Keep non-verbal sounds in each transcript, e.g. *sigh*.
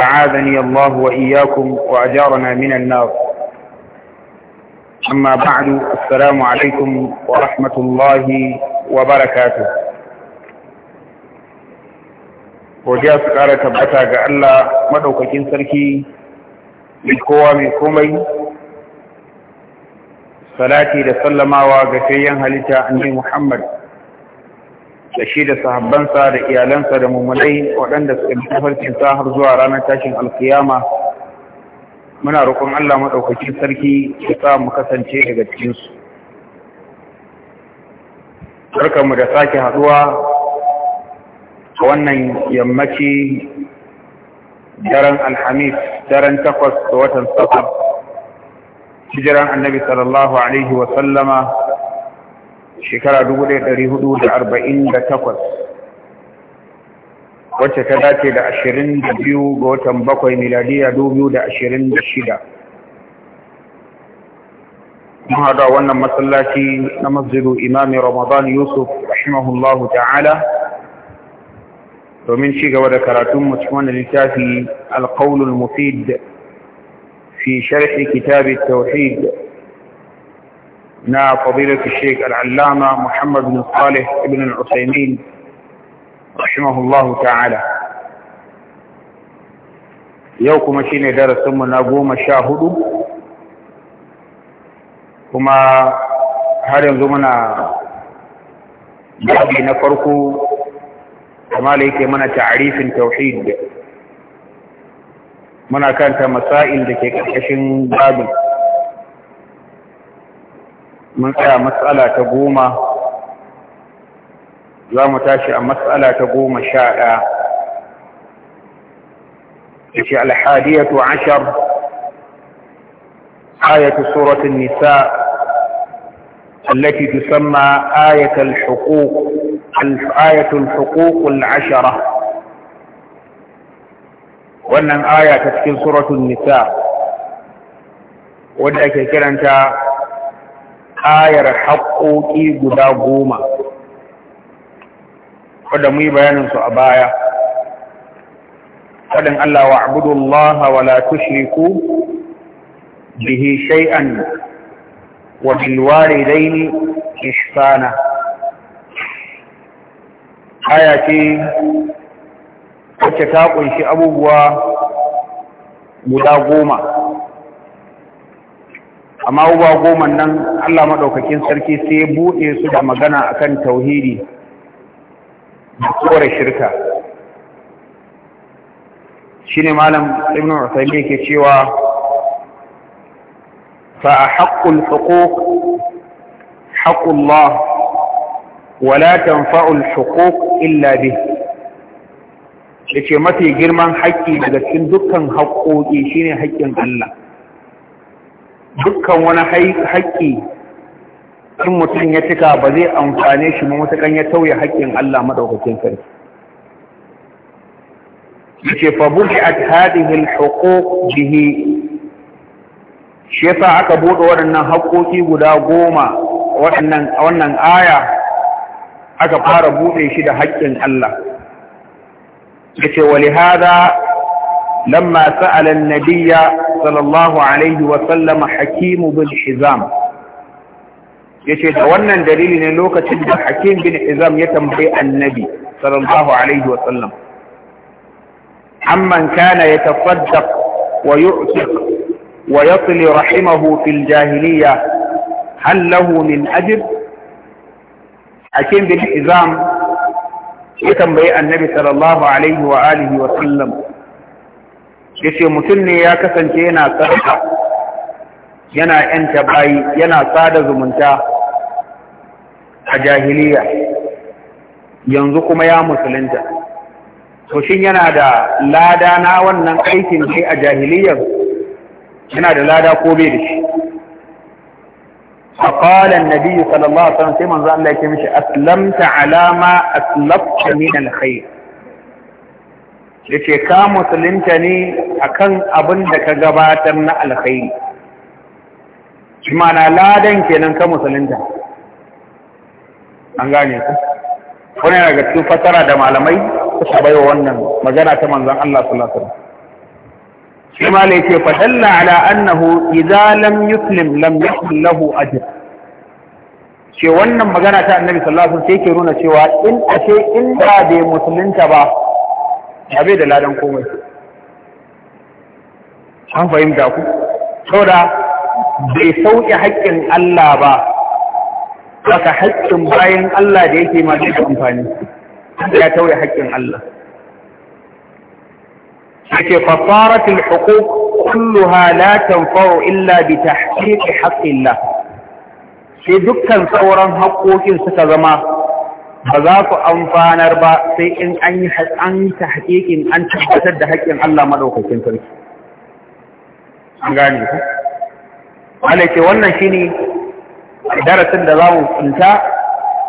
أعاذني الله وإياكم وأجارنا من النار أما بعد السلام عليكم ورحمة الله وبركاته godiya su ƙara tabbata ga Allah maɗaukakin sarki mai kowa mai komai salati da sallamawa ga fayyan halitta annabi Muhammad da shi da sahabbansa da iyalansa da mummunai waɗanda suka bi tafarkin sa har zuwa ranar tashin alkiyama muna roƙon Allah maɗaukaki sarki ya sa mu kasance daga cikinsu. Barkanmu da sake haɗuwa a wannan yammaci daren Alhamis, daren takwas da watan Safar, hijiran annabi sallallahu Alaihi wasallama shekara 1448 wacce ta dace da 22 ga watan bakwai miladiya 2026 mun hada wannan masallaci na masjidu imami ramadan yusuf rahimahullahu ta'ala domin ci gaba da karatun mu cikin wannan littafi alqaulul mufid fi sharhi kitab at na fadilatu Sheikh al'allama allama Muhammad bin Salih ibn Al-Uthaymeen rahimahullahu ta'ala yau kuma shine darasin mu na goma sha hudu kuma har yanzu muna babi na farko kuma da yake mana ta'arifin tauhid muna kanta masa'in da ke ƙarƙashin babin mun tsaya matsala ta goma za mu tashi a matsala ta goma sha ɗaya shi alhadiyatu ashar ayatu suratun nisa التي تسمى آية الحقوق آية الحقوق العشرة وأن آية تشكيل سورة النساء وأن كرنت ayar haƙoƙi guda goma wadda mu yi su a baya faɗin Allah wa abudullaha wa la tushriku bihi shay'an wa bil walidaini ihsana aya ce wacce ta ƙunshi abubuwa guda goma amma uba goma nan Allah maɗaukakin sarki sai ya buɗe su da magana akan tauhidi da kore shirka ne malam ibn Uthaymeen ke cewa fa haqqul huquq haqqullah Walatan Fa'ul huquq illa bih ce mafi girman haƙƙi daga cikin dukkan haƙƙoƙi shine haƙƙin Allah dukkan wani haƙƙi in mutum ya cika ba zai amfane shi ma matukan ya tauye haƙƙin Allah madaukakin sarki yace fa budi'at a al-huquq bihi shi yasa aka buɗe waɗannan haƙƙoƙi guda goma waɗannan wannan aya aka fara buɗe shi da haƙƙin Allah yace wali lihada لما سأل النبي صلى الله عليه وسلم حكيم بن حزام يتدون دليل لوكا تجد حكيم بن حزام يتم يتمحي النبي صلى الله عليه وسلم عمن كان يتصدق ويعتق ويطل رحمه في الجاهلية هل له من أجل حكيم بن حزام يتم يتمحي النبي صلى الله عليه وآله وسلم yace mutum ne ya kasance yana sarka yana yanta bayi yana sada zumunta a jahiliya yanzu kuma ya musulunta to shin yana da lada na wannan aikin shi a jahiliyar yana da lada ko bai da shi فقال النبي صلى الله sai manzo Allah ya ce mishi aslamta alama ما أسلفت من da ce ka musulunta ne akan abin da ka gabatar na alkhairi shi mana ladan kenan ka musulunta an gane ku wani ga cikin fasara da malamai suka bai wa wannan magana ta manzan Allah sallallahu alaihi wasallam shi ma ne ce fadalla ala annahu idza lam yuslim lam yakun lahu ajr ce wannan magana ta annabi sallallahu alaihi wasallam sai ke nuna cewa in ashe in da bai musulunta ba ya da ladan komai an fahimta ku saboda bai sauke haƙƙin Allah ba saka haƙƙin bayan Allah da yake ma da amfani ya tauye haƙƙin Allah yake fasaratul huquq kulluha la tanfa'u illa bi tahqiqi haqqillah sai dukkan sauran haƙƙoƙin suka zama ba za ku amfanar ba sai in an yi an ta an tabbatar da haƙƙin Allah maɗaukakin sarki. An gane ku? Malake wannan shi ne darasin da za mu tsinta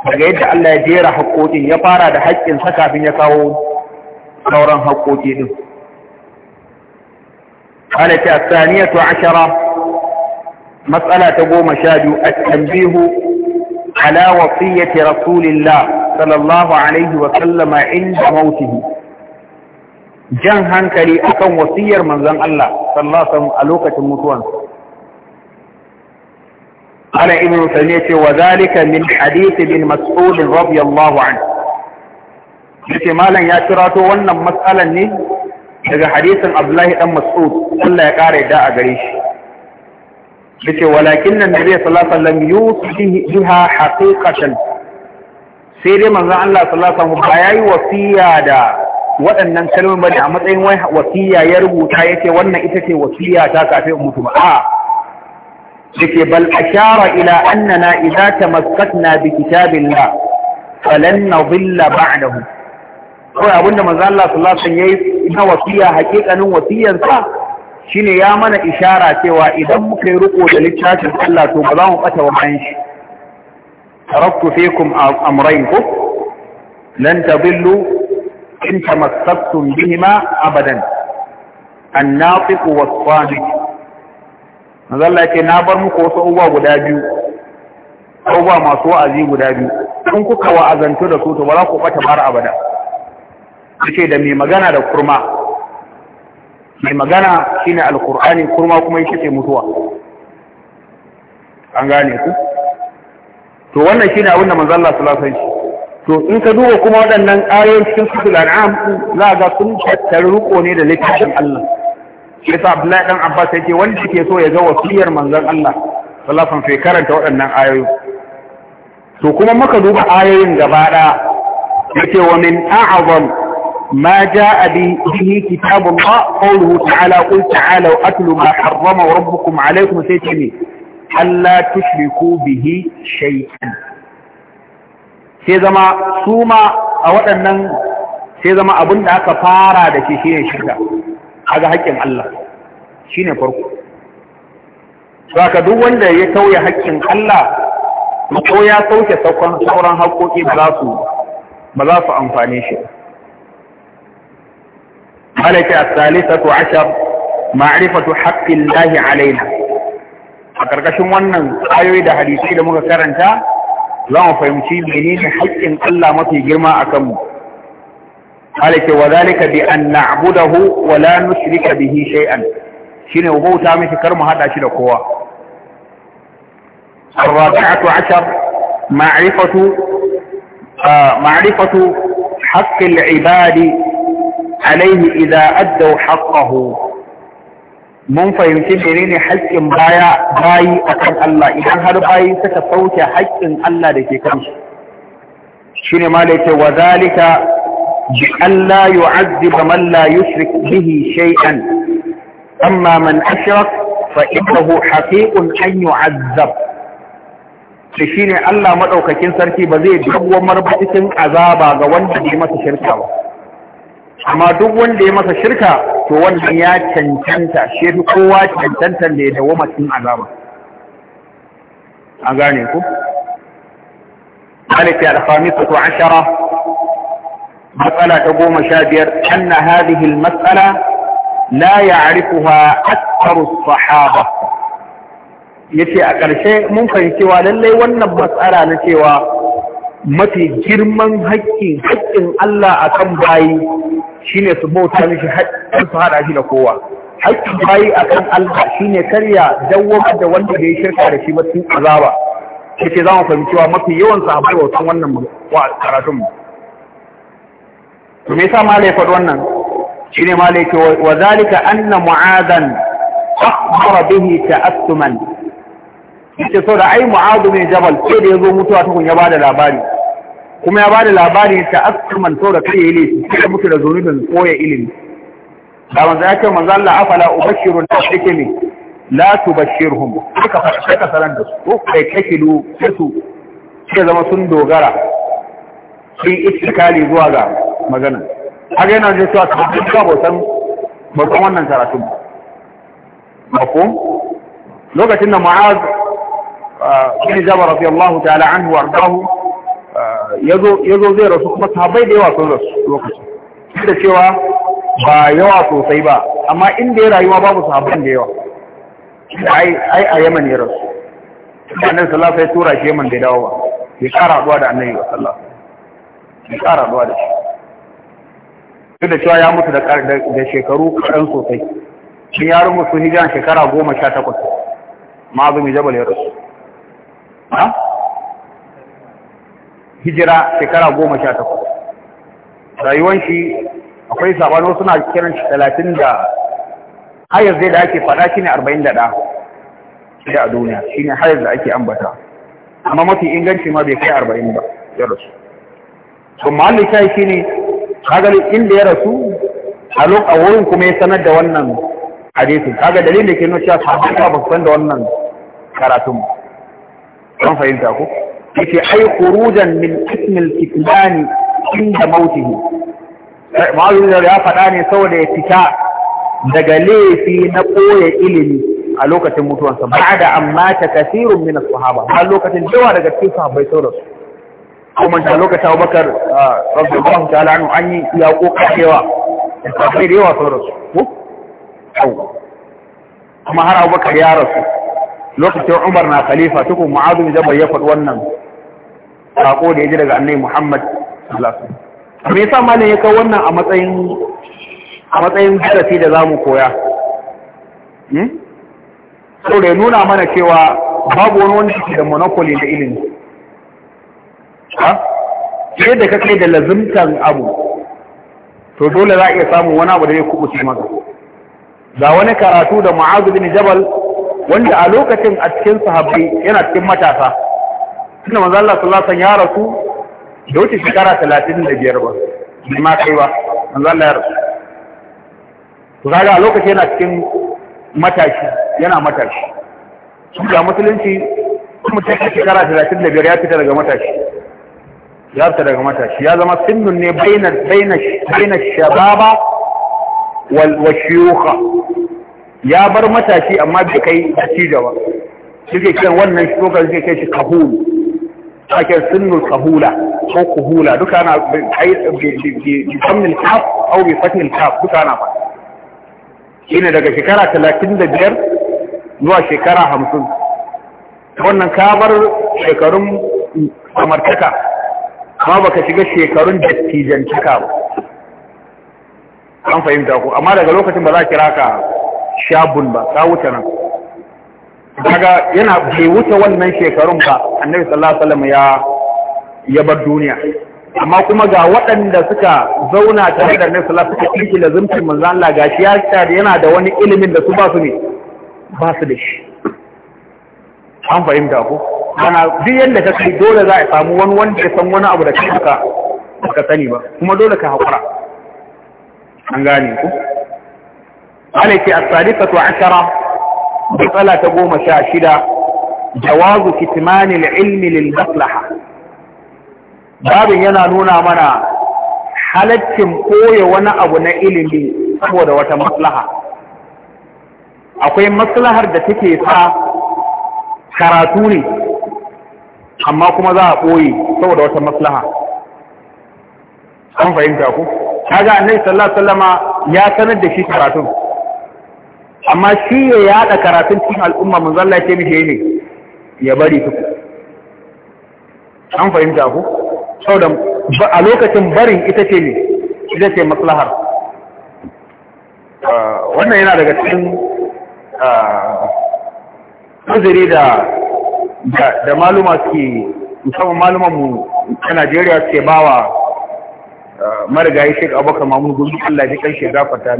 daga yadda Allah ya jera haƙƙoƙin ya fara da sa kafin ya kawo sauran haƙƙoƙi ɗin. Malake a saniyatu ashara matsala ta goma sha biyu a tambihu ala wasiyyati rasulillah sallallahu alaihi wa sallama inda mautihi jan hankali akan wasiyar manzon Allah sallallahu a lokacin mutuwansa قال ابن تيمية وذلك من حديث ابن مسعود رضي الله عنه yace malam ya kirato wannan matsalan ne daga hadisin Abdullahi dan Mas'ud Allah ya kare da a gare shi yace walakin nan nabi sallallahu alaihi wasallam yusihi sai dai manzon Allah sallallahu alaihi wasallam ba yayi wasiya da waɗannan kalmomin bane a matsayin wai wasiya ya rubuta yace wannan ita ce wasiya ta kafin mutu ba a yake bal ashara ila annana idza tamassakna bi kitabillah falan nadilla ba'dahu ko abinda manzo Allah sallallahu alaihi wasallam yayi na wasiya hakikanin wasiyar sa shine ya mana ishara cewa idan muka yi riko da littafin Allah to ba za mu bata wa bayan shi taraktu fikum amrayn ko lan tadillu in tamassaktum bihima abadan an-nafiq was-sadiq manzo Allah ce na bar muku wasu uwa guda biyu uwa masu wa'azi guda biyu in kuka wa'azantu da su to ba za ku bata bar abada ce da mai magana da kurma mai magana shine alqur'ani kurma kuma yake mutuwa an gane ku to wannan shine abin da manzo Allah sallallahu alaihi to in ka duba kuma waɗannan ayoyin cikin suratul an'am za ga sun tattare ruko ne da littafin Allah shi yasa Abdullahi dan Abbas yake wanda yake so ya ga wasiyar manzon Allah sallallahu alaihi karanta waɗannan ayoyi to kuma muka duba ayoyin gaba ɗaya yake wa min a'zam ما جاء به كتاب الله قوله تعالى قل تعالوا أتلوا ما حرم ربكم عليكم سيتمين Allah tushriku bihi shay'an sai zama suma a waɗannan sai zama abin da aka fara da shi shine shirka kaga haƙƙin Allah shine farko saka duk wanda ya tauye haƙƙin Allah ko ya sauke sauran haƙƙoƙi ba za su ba za su amfane shi malaka as-salisatu ashar ma'rifatu haqqi Allah alaina a ƙarƙashin wannan ayoyi da hadisi da muka karanta za mu fahimci menene haƙƙin Allah mafi girma akan mu halake wa zalika bi an na'budahu wa la nushrika bihi shay'an shine ubauta miki kar mu hada shi da kowa الرابعة ashar ma'rifatu ma'rifatu haqqil ibadi alayhi idha addu haqqahu mun fahimci menene haƙƙin baya bayi akan Allah idan har bayi suka sauke haƙƙin Allah da ke shi? Shi ne da yake wa zalika bi alla yu'azziba man la yushrik bihi shay'an amma man ashrak fa innahu haqiqun an yu'azzab shi shine Allah madaukakin sarki ba zai dawwamar ba azaba ga wanda bai masa shirka ba amma duk wanda ya masa shirka to wannan ya cancanta shi fi kowa cancanta da ya dawoma cikin azaba an gane ku مالك الخامسة عشرة مسألة قوم شابير أن هذه المسألة لا يعرفها أكثر الصحابة yace a ƙarshe mun fahimci cewa lallai wannan matsala na cewa mafi girman haƙƙin haƙƙin Allah a kan bayi shi ne su bauta mishi haƙƙin su haɗa shi da kowa haƙƙin bayi a kan Allah shi ne karya dawwamar da wanda da ya shirka da shi ba cikin azaba shi ce za mu fahimci cewa mafi yawan sahabbai tun wannan karatun mu to me yasa malai faɗi wannan shine malai ce wa zalika anna mu'adan akhbara bihi ta'assuman yace so da ai mu'adu mai jabal sai da zo mutuwa tukun kun ya bada labari kuma ya bada labari ta askar manto da kai ne sai mutu da zunubin koya ilimi da manzo ya ce manzo Allah afala ubashiru da take ne la tubashirhum suka fara ka saran da su ko kai kakilu su sai zama sun dogara sun istikali zuwa ga magana haka yana jin cewa kafin ka bautan bautan wannan karatun mafhum lokacin da mu'az ah, bin jabal radiyallahu ta'ala anhu wardahu ya zo zai rasu kuma sahabbai da yawa sun rasu lokacin duk da cewa ba yawa sosai ba amma inda ya rayuwa babu sahabban da yawa ai a yaman ya rasu nan sallallahu ya tura shi yaman da dawo ba ya kara haduwa da annabi sallallahu alaihi ya kara haduwa da shi duk da cewa ya mutu da shekaru kaɗan sosai shi ya rumu hijiran shekara goma sha takwas ma'azumi jabal ya rasu hijira shekara goma sha takwas rayuwan shi akwai sabano suna kiran shi talatin da hayar zai da ake faɗa shi ne arba'in da ɗa shi a duniya shi ne hayar da ake ambata amma mafi inganci ma bai kai arba'in ba ya rasu to mahallin shayi shi ne kagali inda ya rasu a lokacin wurin kuma ya sanar da wannan hadisin kaga dalilin da ke nuna cewa sahabbai ba su san da wannan karatun ba don fahimta ko yake ai khurujan min ism al-kitman inda mautihi ma'alum ya faɗa ne saboda ya fita daga laifi na koya ilimi a lokacin mutuwarsa ba da amma ta kasirun min sahaba ba lokacin dawa daga cikin sahabbai sauransu kuma ta lokacin Abubakar radiyallahu ta'ala anhu an yi ya kokacewa sahabbai da yawa sauransu ko kuma har Abubakar ya rasu lokacin Umar na khalifa tukun Mu'adh bin Jabal ya faɗi wannan sako da ya ji daga annai Muhammad sallallahu alaihi wasallam me yasa ya kawo wannan a matsayin a matsayin darasi da zamu koya hmm so da nuna mana cewa babu wani wanda yake da monopoly da ilimi ha sai da kake da lazimtan abu to dole za a iya samun wani abu da zai kubuce maka ga wani karatu da Mu'adh bin Jabal wanda a lokacin a cikin sahabbai yana cikin matasa tunda manzo Allah sallallahu alaihi wasallam ya rasu da wuce shekara 35 ba bai ma kai ba manzo Allah ya rasu to kaga a lokaci yana cikin matashi yana matashi shi ga musulunci kuma ta shekara 35 ya fita daga matashi ya fita daga matashi ya zama sinnun ne baina baina baina shababa wal washiyukha ya bar matashi amma bai kai da ba suke ke kiran wannan shugaba zai kai shi kahulu akan sunnul kahula ko kuhula duka ana bi sammil kaf au bi fatin kaf duka ana ba shine daga shekara talatin da biyar zuwa shekara hamsin wannan ka bar shekarun samartaka kuma baka shiga shekarun dattijantaka ba an fahimta ku amma daga lokacin ba za a kira ka shabun ba ka wuce nan daga yana bai wuce wannan shekarun ba annabi sallallahu alaihi ya ya bar duniya amma kuma ga waɗanda suka zauna tare da annabi sallallahu alaihi wasallam suka kike lazumcin manzo Allah gashi ya yana da wani ilimin da su ba su ne ba su da shi an fahimta ko ana duk da ka kai dole za a samu wani wanda ya san wani abu da kai ka ka sani ba kuma dole ka haƙura an gane ku alaiki as-sadisatu ashara matsala ta goma sha shida jawazu kitimanin ilmi lil maslaha babin yana nuna mana halaccin koya wani abu na ilimi saboda wata maslaha akwai maslahar da take sa karatu ne amma kuma za a ɓoye saboda wata maslaha an fahimta ku kaga annabi sallallahu alaihi wasallama ya sanar da shi karatun amma shi ya yada karatun cikin al'umma mun zalla ce mishi ne ya bari su an fahimta ku sau da a lokacin barin ita ce ne ita ce maslahar ah, wannan yana daga cikin nazari ah, da da maluma suke musamman malumanmu ta Najeriya suke bawa ah, marigayi shek abokan Mamun gudun Allah ya kai shi mishi da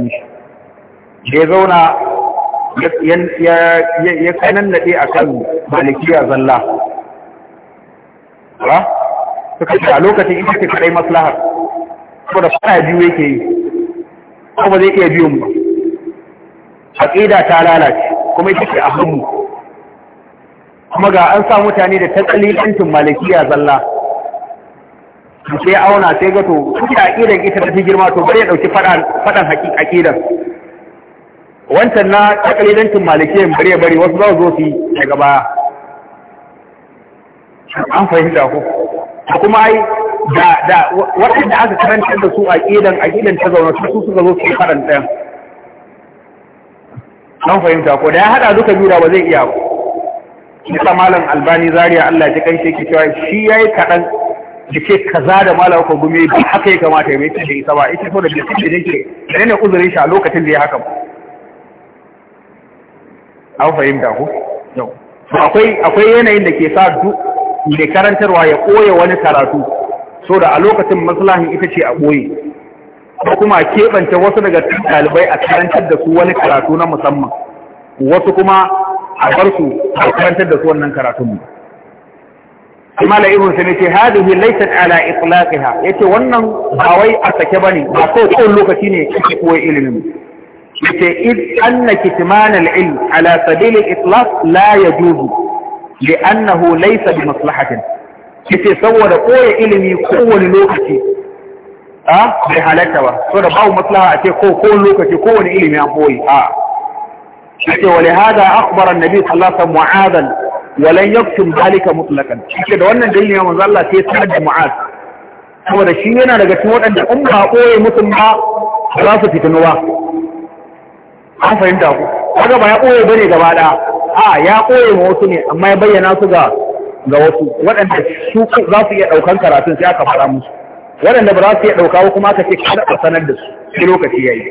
ya zauna ya kanannade a kan malikiya zalla ba suka ce a lokacin ita ce kadai maslahar ko da fara biyu yake yi ko ba zai iya biyun ba ƙida ta lalace kuma ita ce a hannu kuma ga an sa mutane da tattalin malikiya zalla sai auna sai gato. suke a ƙidan ita ta fi girma to bari ya ɗauki faɗan haƙiƙa ƙidan wancan na takalidancin malikiyan bare bare wasu za su zo daga baya an fahimta ko da kuma ai da da waɗanda aka karanta da su a ƙidan a ƙidan ta zaune su suka zo su ɗaya an fahimta ko da ya haɗa duka biyu da ba zai iya ba Nisa Malam Albani Zaria Allah ji kan shi cewa shi ya yi kaɗan jike kaza da Malam Kwagumi ba haka ya kamata ya mai tashi isa ba ita ko da bai tashi ke da ne uzurin shi a lokacin da ya haka ba. an fahimta ku yau to akwai akwai yanayin da ke sa duk mai karantarwa ya koya wani karatu so da a lokacin maslahin ita ce a koye ko kuma a keɓance wasu daga ɗalibai a karantar da su wani karatu na musamman wasu kuma a bar su a karantar da su wannan karatun mu amma da ibn sun ce hadihi laysat ala itlaqiha yace wannan ba wai a sake bane ba ko kowane lokaci ne ake koyi ilimin إذ أن كتمان العلم على سبيل الإطلاق لا يجوز لأنه ليس بمصلحة كتصور قوية إلمي قوة للوقت ها بحالتها صورة باو مصلحة أتي قوة للوقت قوة إلمي أقوي ها ولهذا أخبر النبي صلى الله عليه وسلم معاذا ولن يكتم ذلك مطلقا كتصور أن جلن يا مزال الله تيسمد معاذ هو ده شيئنا لقد تقول أن أمها قوية مثل ما خلاصة an fahimta ku kaga ba ya koye bane gaba da a ya koye ma wasu ne amma ya bayyana su ga ga wasu waɗanda su za su iya ɗaukan karatun sai aka fara musu waɗanda ba za su iya ɗauka kuma aka ce kada a sanar da su sai lokaci yayi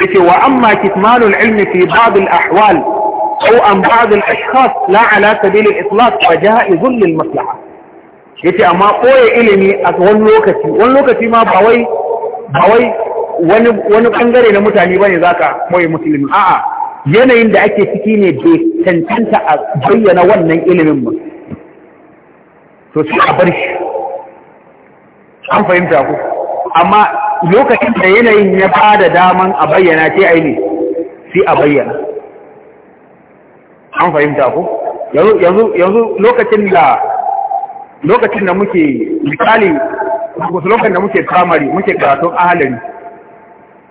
yake wa amma kitmanul ilmi fi ba'd al ahwal aw an ba'd al ashkhas la ala sabil al itlaq fa ja'iz lil maslaha yace amma koye ilimi a wani lokaci wani lokaci ma ba wai ba wani bangare na mutane bane ka moye musulmi a'a yanayin da ake ciki ne bai cancanta a bayyana wannan ilimin ba to sai a bar shi an fahimta ku amma lokacin da yanayin ya ba da daman a bayyana ce aini sai a bayyana an fahimta ku yanzu lokacin da lokacin da muke misali lokacin da muke primary muke karatun ahalari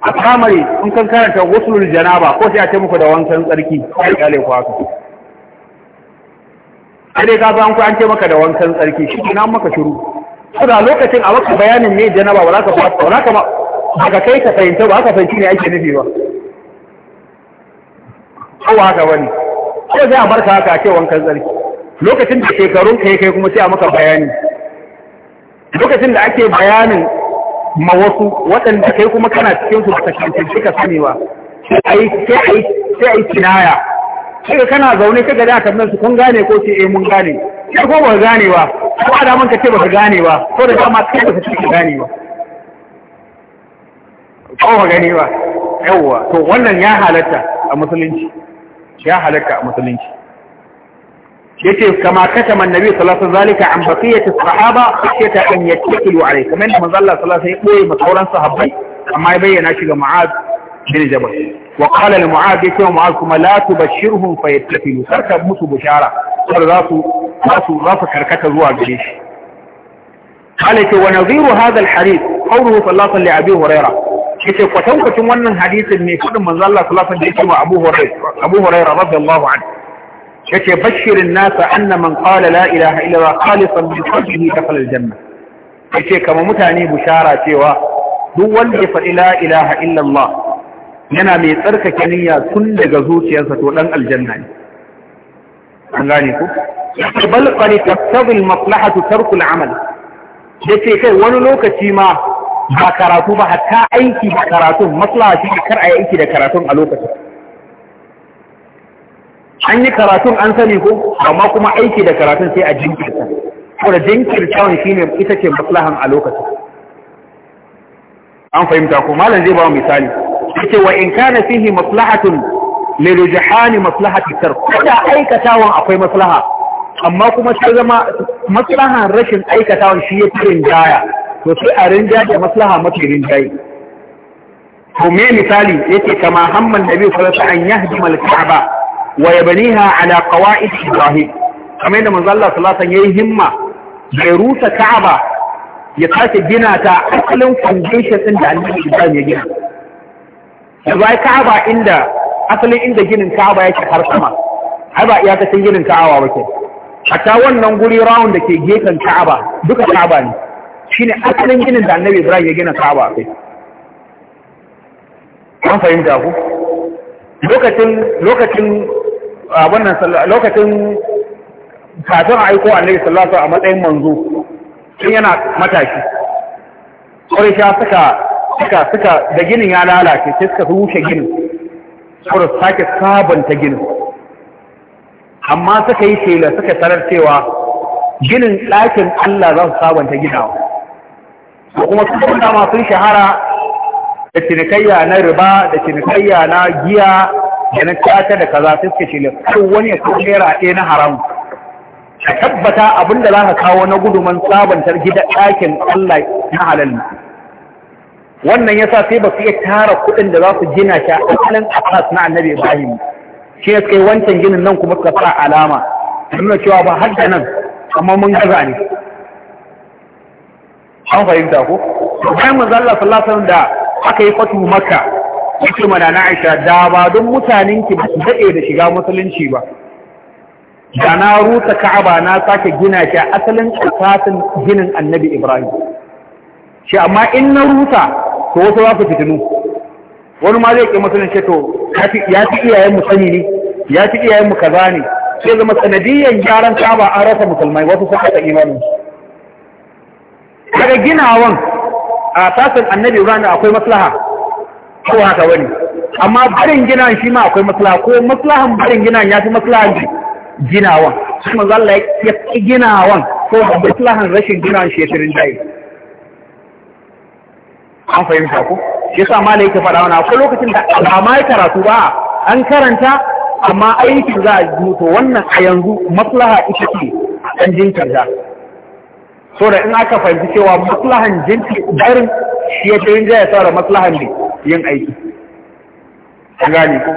a kamari in kan karanta wasulul janaba ko sai a ce muku da wankan tsarki sai kale ku haka A dai ka san ku an ce maka da wankan tsarki shi nan maka shiru da lokacin a maka bayanin ne janaba ba za ka ba za ka ba daga kai ka fahimta ba ka fahimci ne ake nufi ba ko haka ne. ko sai a barka haka a ce wankan tsarki lokacin da shekarun kai kai kuma sai a maka bayani lokacin da ake bayanin ma wasu waɗanda kai kuma kana cikin su baka shi ka sani ba sai a yi kinaya sai ka kana zaune ka gada a su kun gane ko ce eh mun gane sai ko ba gane ba ko a daman ka ce ba ka gane ba ko da dama kai ba ka ce ka gane ba ko ba gane ba yawwa to wannan ya halatta a musulunci ya halatta a musulunci yace kama katama annabi sallallahu alaihi zalika an baqiyati sahaba khashyata an yattakilu alayhi kamar manzo Allah sallallahu alaihi wasallam ya boye sauran sahabbai amma ya bayyana shi ga Mu'adh bin Jabal wa qala li Mu'adh yace wa Mu'adh kuma la tubashshirhum fayattakilu sarka musu bushara sar za su za su za su karkata zuwa gare shi qala yace wa nadhiru hadha al-hadith qawluhu sallallahu alaihi abi hurairah yace kwatankwacin wannan hadisin ne fadin manzo Allah sallallahu alaihi wasallam da yake wa Abu Hurairah Abu Hurairah radiyallahu anhu yace bashirin nasa anna man qala la ilaha illa Allah khalisan min qalbihi dakhala aljanna yace kama mutane bushara cewa duk wanda ya faɗi la ilaha illa Allah yana mai tsarkake niyya tun daga zuciyarsa to dan aljanna ne an gane ku bal qad taqtabi maslahatu tarku al-amal yace kai wani lokaci ma ba karatu ba hatta aiki ba karatun maslaha shi kar a yi aiki da karatun a lokacin an yi karatun an sani ko amma kuma aiki da karatun sai a jinkirta saboda jinkirtawan shine ita ce maslahan a lokacin an fahimta ko malam zai ba mu misali yace wa in kana fihi maslahatun li rujhan maslahati tark kada aikatawan akwai maslaha amma kuma sai zama maslahan rashin aikatawan shi ya rinjaya, daya to sai a rinja da maslaha mafi rinjaye to me misali yake kama hamman nabi sallallahu alaihi wasallam an yahdi mal ka'aba wa ha ala da ibrahim kamar yadda manzo salatan ya yi wasallam yayi himma bai rusa ka'aba ya sake gina ta asalin foundation din da annabi ibrahim ya gina yanzu yi ka'aba inda asalin inda ginin ka'aba yake har sama ai ba iyakacin ginin ka'aba ba ke hatta wannan guri round da ke gefen ka'aba duka ka'aba ne shine asalin ginin da annabi ibrahim ya gina ka'aba kai an fahimta ku lokacin lokacin a wannan lokacin kafin a aiko annabi sallallahu alaihi a matsayin manzo tun yana mataki ya suka suka suka da ginin ya lalace sai suka rushe ginin saboda sake sabanta ginin amma suka yi shela suka tarar cewa ginin ɗakin Allah za su sabanta gidawa ko kuma sun kuma sun shahara da cinikayya na riba da cinikayya na giya da na da kaza sai suka ce ko wani ya kawo naira ɗaya na haram ka tabbata abin da za ka kawo na guduman sabantar gida ɗakin Allah na halal wannan yasa sai ba su iya tara kuɗin da za su gina shi a asalin abbas na annabi ibrahim shi ya kai wancan ginin nan kuma suka sa alama nuna cewa ba har da nan amma mun gaza ne an fahimta ko bayan manzo Allah sallallahu alaihi wasallam da aka yi fatu makka yake mana na aisha da ba don mutanen ki ba su daɗe da shiga musulunci ba da na rusa ka'aba na sake gina shi asalin asasin ginin annabi ibrahim shi amma in na rusa to wasu za ku fitinu wani ma zai ke musulunci to ya fi iyayen mu sani ne ya fi iyayen mu kaza ne sai zama sanadiyyar gyaran ka'aba an rasa musulmai wasu sun haɗa imanin daga ginawan a sasin annabi ibrahim akwai maslaha ko haka wani amma barin gina shi ma akwai maslaha ko maslahan barin gina ya fi maslahan ginawan shi ma zalla ya fi ginawan ko maslahan rashin gina shi ya tirin dai an fahimta ko shi yasa malai yake faɗa wani akwai lokacin da alama ya karatu ba an karanta amma aikin za a mutu wannan a yanzu maslaha ita ce jinkar da so da in aka fahimci cewa maslahan jinki barin shi ya tirin dai ya saura maslahan ne yin aiki gani ko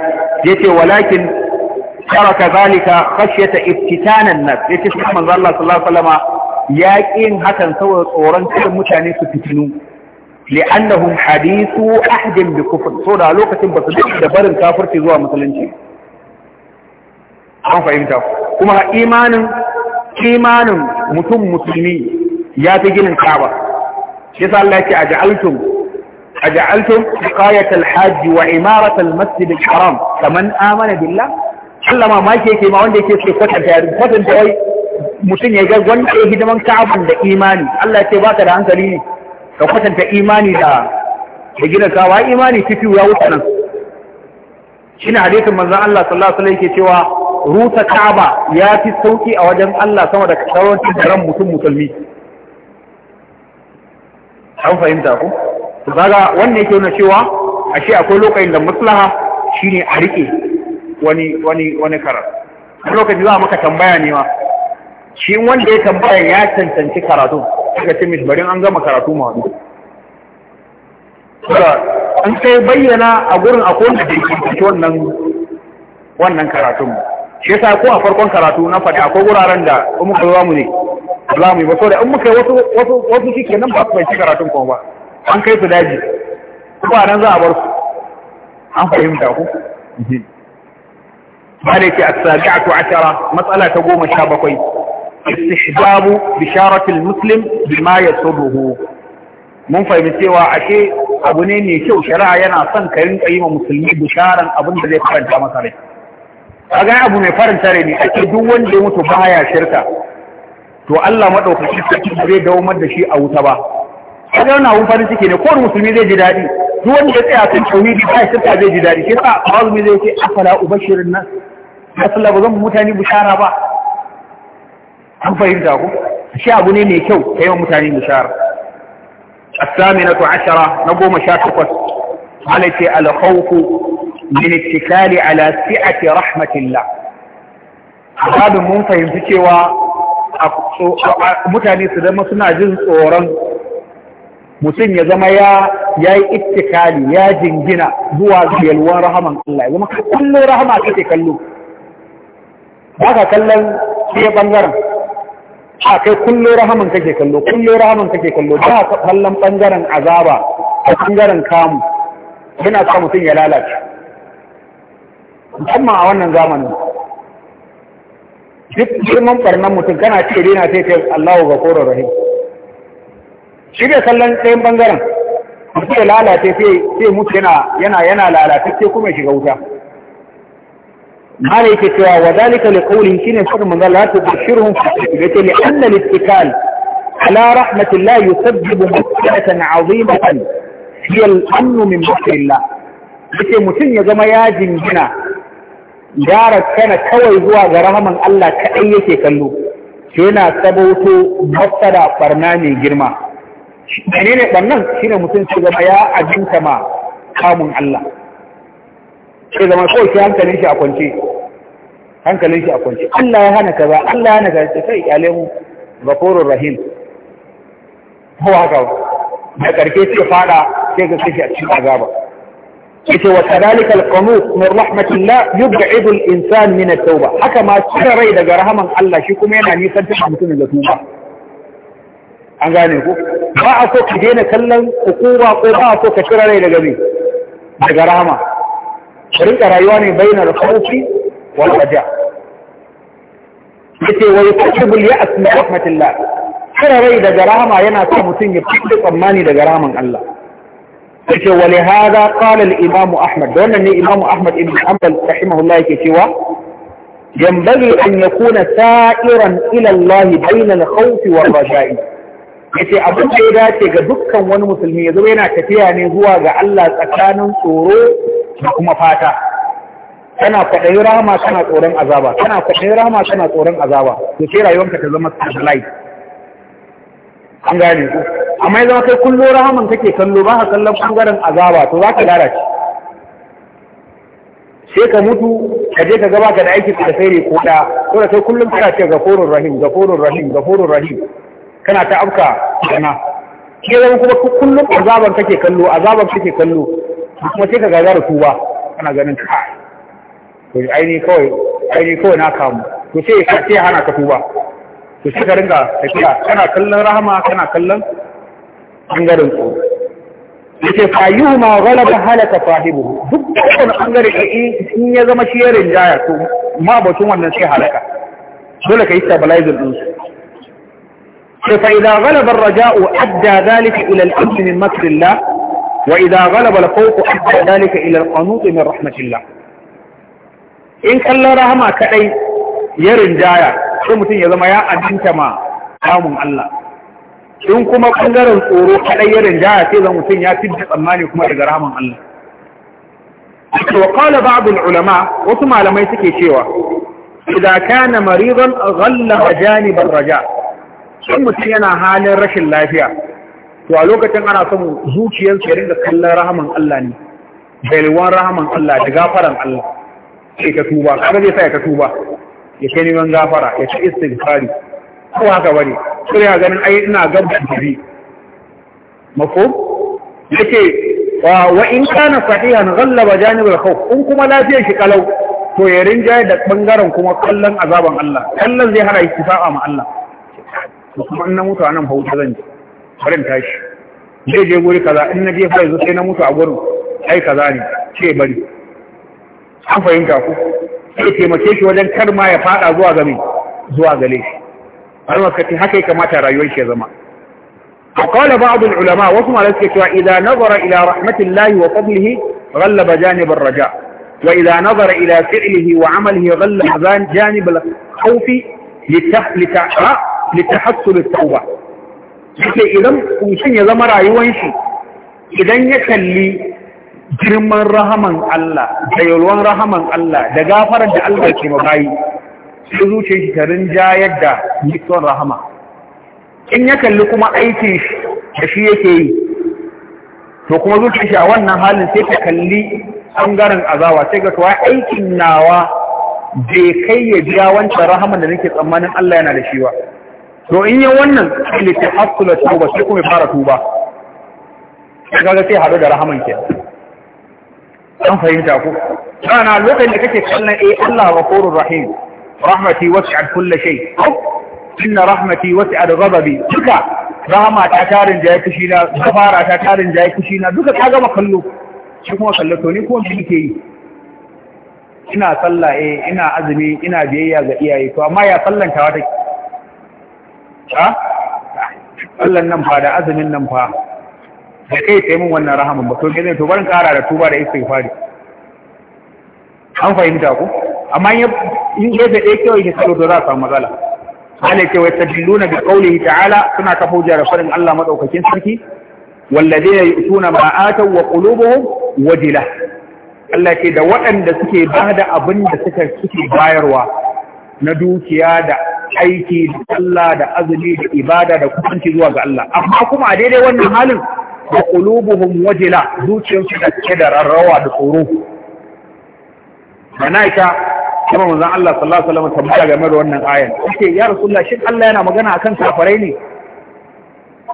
yace walakin taraka zalika khashyata iftitanan nas yace shi manzo Allah sallallahu alaihi wasallam ya kin hakan saboda tsoron kada mutane su fitinu li'annahum hadithu ahdin bi kufr so da lokacin ba su da barin kafirci zuwa musulunci an fahimta kuma imanin kimanin mutum musulmi ya fi ginin kaba yasa Allah ya ce aj'altum أجعلتم حقاية الحاج وعمارة المسجد الحرام كمن آمن بالله Allah ma ma ke ma wanda yake so kwatanta yari kwatanta wai mutum ya ga wanda hidiman ka'aban da imani Allah ce baka da hankali ne ka kwatanta imani da da gina kawa imani fifi ya wuce nan shine hadisin manzon Allah sallallahu alaihi wasallam cewa rusa ka'aba ya fi sauki a wajen Allah sama da sauran ran mutum an fahimta ku to kaga wannan yake nuna cewa ashe akwai lokacin da maslaha shine a rike wani wani wani karar lokacin za maka tambaya ne ma shi wanda ya tambaya ya cancanci karatu daga ce mishi an gama karatu ma wani an kai bayyana a gurin a kowane da yake wannan wannan karatun shi yasa ko a farkon karatu na faɗi akwai wuraren da umu kai zo mu ne za mu yi ba saboda in muka yi wasu wasu wasu nan ba su bai karatun kuma ba an kai su daji kuma nan za a bar su an fahimta ku malaki a sabiatu ashara matsala ta goma sha bakwai istihbabu bisharatul muslim bima yasuduhu mun fahimci cewa ashe abu ne mai kyau shari'a yana son ka rinka yi ma musulmi bisharan abin da zai faranta masa rai kaga abu mai faranta rai ne ake duk wanda ya mutu baya shirka to Allah madaukaki sai zai dawo da shi a wuta ba kaga wannan abun farin ciki ne ko musulmi zai ji daɗi duk wanda ya tsaya kan tauhidi ba shirka zai ji daɗi shi yasa azumi zai ce afala ubashirin nas Allah ba zan mutane bishara ba an fahimta ku shi abu ne mai kyau kai mutane bishara الثامنة عشرة نقوم شاكفة عليك الخوف min ittikali ala si'ati rahmatillah babin mun fahimci cewa mutane su zama suna jin tsoron mutum ya zama ya yi ittikali ya jingina zuwa ga rahaman Allah ya zama ka kallo rahama kake kallo ba ka kallon sai bangaren a kai kullo rahaman kake kallo kullo rahaman kake kallo ba ka kallon bangaren azaba a bangaren kamu yana sa mutum ya lalace musamman a wannan zamanin duk girman barnan mutum kana ce dina sai kai Allahu ghafurur rahim shi bai kallon ɗayan ɓangaren mutu ya lalace sai mutu yana yana lalace sai kuma shiga wuta mana yake cewa wa zalika li qawlin shine fadin manzo la tubshirhum yace li anna al-ittikal ala rahmatillah yusabbibu mas'alatan 'azimatan hiya al-amn min bakrillah yace mutun ya zama ya jingina yara kana kawai zuwa ga rahaman Allah kadai yake kallo yana sabauto masada barna mai girma menene bannan shine mutum ce zama ya ajinta ma kamun Allah ce zama kawai shi hankalin shi a kwance hankalin shi a kwance Allah ya hana kaza Allah ya hana ta ce kai kyale mu zakurur rahim ko haka da karke ce fada sai ga shi a cikin azaba yace wa kadalika alqanut min rahmatillah yub'idu al-insan min at-tauba haka ma cire rai daga rahaman Allah shi kuma yana nisan ta mutum da tuba an gane ku ba a so ka daina kallon hukuma ko ba a so ka cire rai daga mai daga rahama ka rinka rayuwa ne bainar khawfi wal raja yace wa yaqulu li asma rahmatillah cire rai daga rahama yana sa mutum ya fi tsammani daga rahaman Allah yace wa lihada qala al imam ahmad da wannan ne imam ahmad ibn hanbal rahimahullah yake cewa ينبغي أن يكون سائرا إلى الله بين الخوف والرجاء ce abin da ya dace ga dukkan wani musulmi ya zama yana tafiya ne zuwa ga Allah tsakanin tsoro da kuma fata kana kwaɗayi rahama kana tsoron azaba kana kwaɗayi rahama kana tsoron azaba to sai rayuwarka ta zama satellite an gane ku amma ya zama kai kullo rahaman kake kallo ba ka kallon ɓangaren azaba to za ka lalace sai ka mutu ka je ka gaba ka da sai ne ko da ko da kai kullum kana ce gafurur rahim gafurur rahim gafurur rahim kana ta afka kana ke zama kuma kullum azaban kake kallo azaban kake kallo kuma sai ka gagara tuba kana ganin ka to aini kawai aini kawai na kamu to sai ka sai hana ka tuba to sai ka ringa tafiya kana kallon rahama kana kallon bangaren tsoro yace fa yuhma ghalaba halaka fahibu duk wani bangare in ya zama shi ya rinjaya to ma batun wannan sai halaka dole ka yi stabilizer din su فإذا غلب الرجاء أدى ذلك إلى الأمس من مكر الله وإذا غلب الخوف أدى ذلك إلى القنوط من رحمة الله إن كان الله ما كأي يرن جايا سمتين يظم يا أدين كما قامهم الله إن كما قدر القروح كأي يرن جايا سمتين يا تبت أماني كما إقرامهم الله وقال بعض العلماء وثم على ما يسكي شيوا إذا كان مريضا غلب جانب الرجاء in mutum yana halin rashin lafiya to a lokacin ana son zuciyarsa ya ringa kallon rahaman Allah ne baiwan rahaman Allah da gafaran Allah sai ka tuba kaga zai sa ya ka tuba ya kai neman gafara ya ci istighfari ko haka bane sai ya ganin ai ina gaba da mako yake wa in kana sahihan ghallaba janibul khawf in kuma lafiyar shi kalau to ya rinja da bangaren kuma kallon azaban Allah kallon zai hana shi sa'a ma Allah to kuma na mutu a nan hauta zan ji barin tashi zai je guri kaza in na je yanzu sai na mutu a gurin ai kaza ne ce bari an fahimta ku sai taimake shi wajen kar ma ya fada zuwa gami, zuwa gale. shi har haka ya kamata rayuwar shi ya zama وقال بعض العلماء وكما لذلك إذا نظر إلى رحمة الله وفضله غلب جانب الرجاء وإذا نظر إلى فعله وعمله غلب جانب الخوف لتحلق litahassul tauba yake idan mutum ya zama rayuwar shi idan ya kalli girman rahaman Allah da yalwan rahaman Allah da gafarar da Allah ke mabayi sai zuciyar shi ta rinja yadda nitsuwar rahama in ya kalli kuma aikin shi da shi yake yi to kuma zuciyar shi a wannan halin sai ta kalli ɓangaren azawa sai ga tuwa aikin nawa bai kai ya biya wancan rahaman da nake tsammanin Allah yana da shi ba to in yi wannan ne ta hasula tuba sai kuma fara tuba sai kaga sai hadu da rahaman ke an fahimta ku sana lokacin da kake kallon eh Allah ghafurur rahim rahmati wasi'at kulli shay inna rahmati wasi'at ghadabi duka rahama ta tarin jaye kushi na gafara ta tarin jaye kushi na duka ka gama kallo shi kuma kallo to ni ko me nake yi ina sallah eh ina azumi ina biyayya ga iyaye to amma ya sallantawa take ha Allah nan fa da azumin nan fa da kai ta yi min wannan rahaman ba to ne to barin kara da tuba da istighfari an fahimta ku amma in ya da ɗaya kyau ya salo to za a samu matsala Allah ce wai tadilluna bi qawlihi ta'ala suna kafa hujja da farin Allah madaukakin sarki walladheena yu'tuna ma ataw wa qulubuhum wajila Allah ce da waɗanda suke bada abin da suka suke bayarwa na dukiya da aiki da Allah da azumi da ibada da kusanci zuwa ga Allah amma kuma a daidai wannan halin da qulubuhum wajila zuciyarsu da ke da rarrawa da tsoro malaika kuma manzon Allah sallallahu alaihi wasallam tambaya game da wannan ayan yace ya rasulullah shin Allah yana magana akan kafirai ne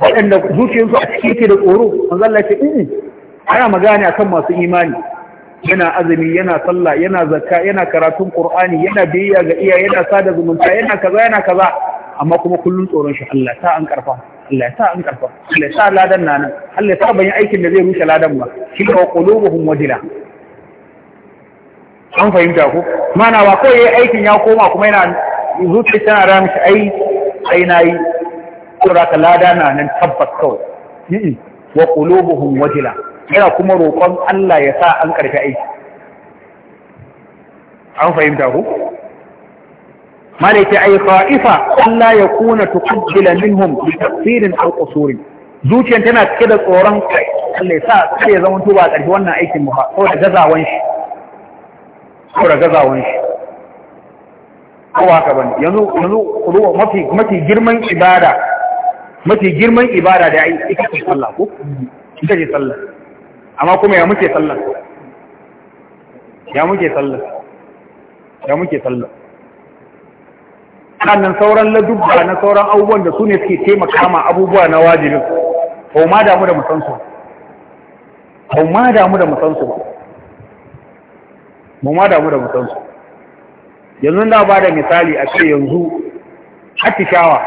waɗanda zuciyarsu a cikin ke da tsoro manzon Allah ya ce ana magana akan masu imani yana azumi yana sallah yana zakka yana karatun qur'ani yana biyayya ga iyaye yana sada zumunta yana kaza yana kaza amma kuma kullun tsoron shi Allah ta an karfa Allah ta an karfa Allah ta ladan nan Allah ta bayan aikin da zai rushe ladan ba shi ko qulubuhum wajila an fahimta ko mana ba ko yayi aikin ya koma kuma yana zuciya tana da shi ai ai nayi ko da ka lada nan tabbas kawai wa qulubuhum wajila yana kuma roƙon Allah ya sa an ƙarshe aiki an fahimta ku malaki ay khaifa Allah ya kuna tuqabbila minhum bi tafsirin aw qusuri zuciyar tana cike da tsoron kai Allah ya sa sai ya zama tuba ƙarshe wannan aikin mu fa saboda gazawan shi saboda gazawan shi ko haka bane yanzu yanzu mafi mafi girman ibada mafi girman ibada da ai ita ce sallah ko ita ce sallah amma kuma ya muke sallar, ya muke sallar, ya muke sallar sannan sauran ladubba na sauran abubuwan da su ne suke taimaka ma abubuwa na wajibin ba ma damu da musansu ba ma damu da musansu ba ba ma damu da musansu yanzu na ba da misali a ce yanzu atishawa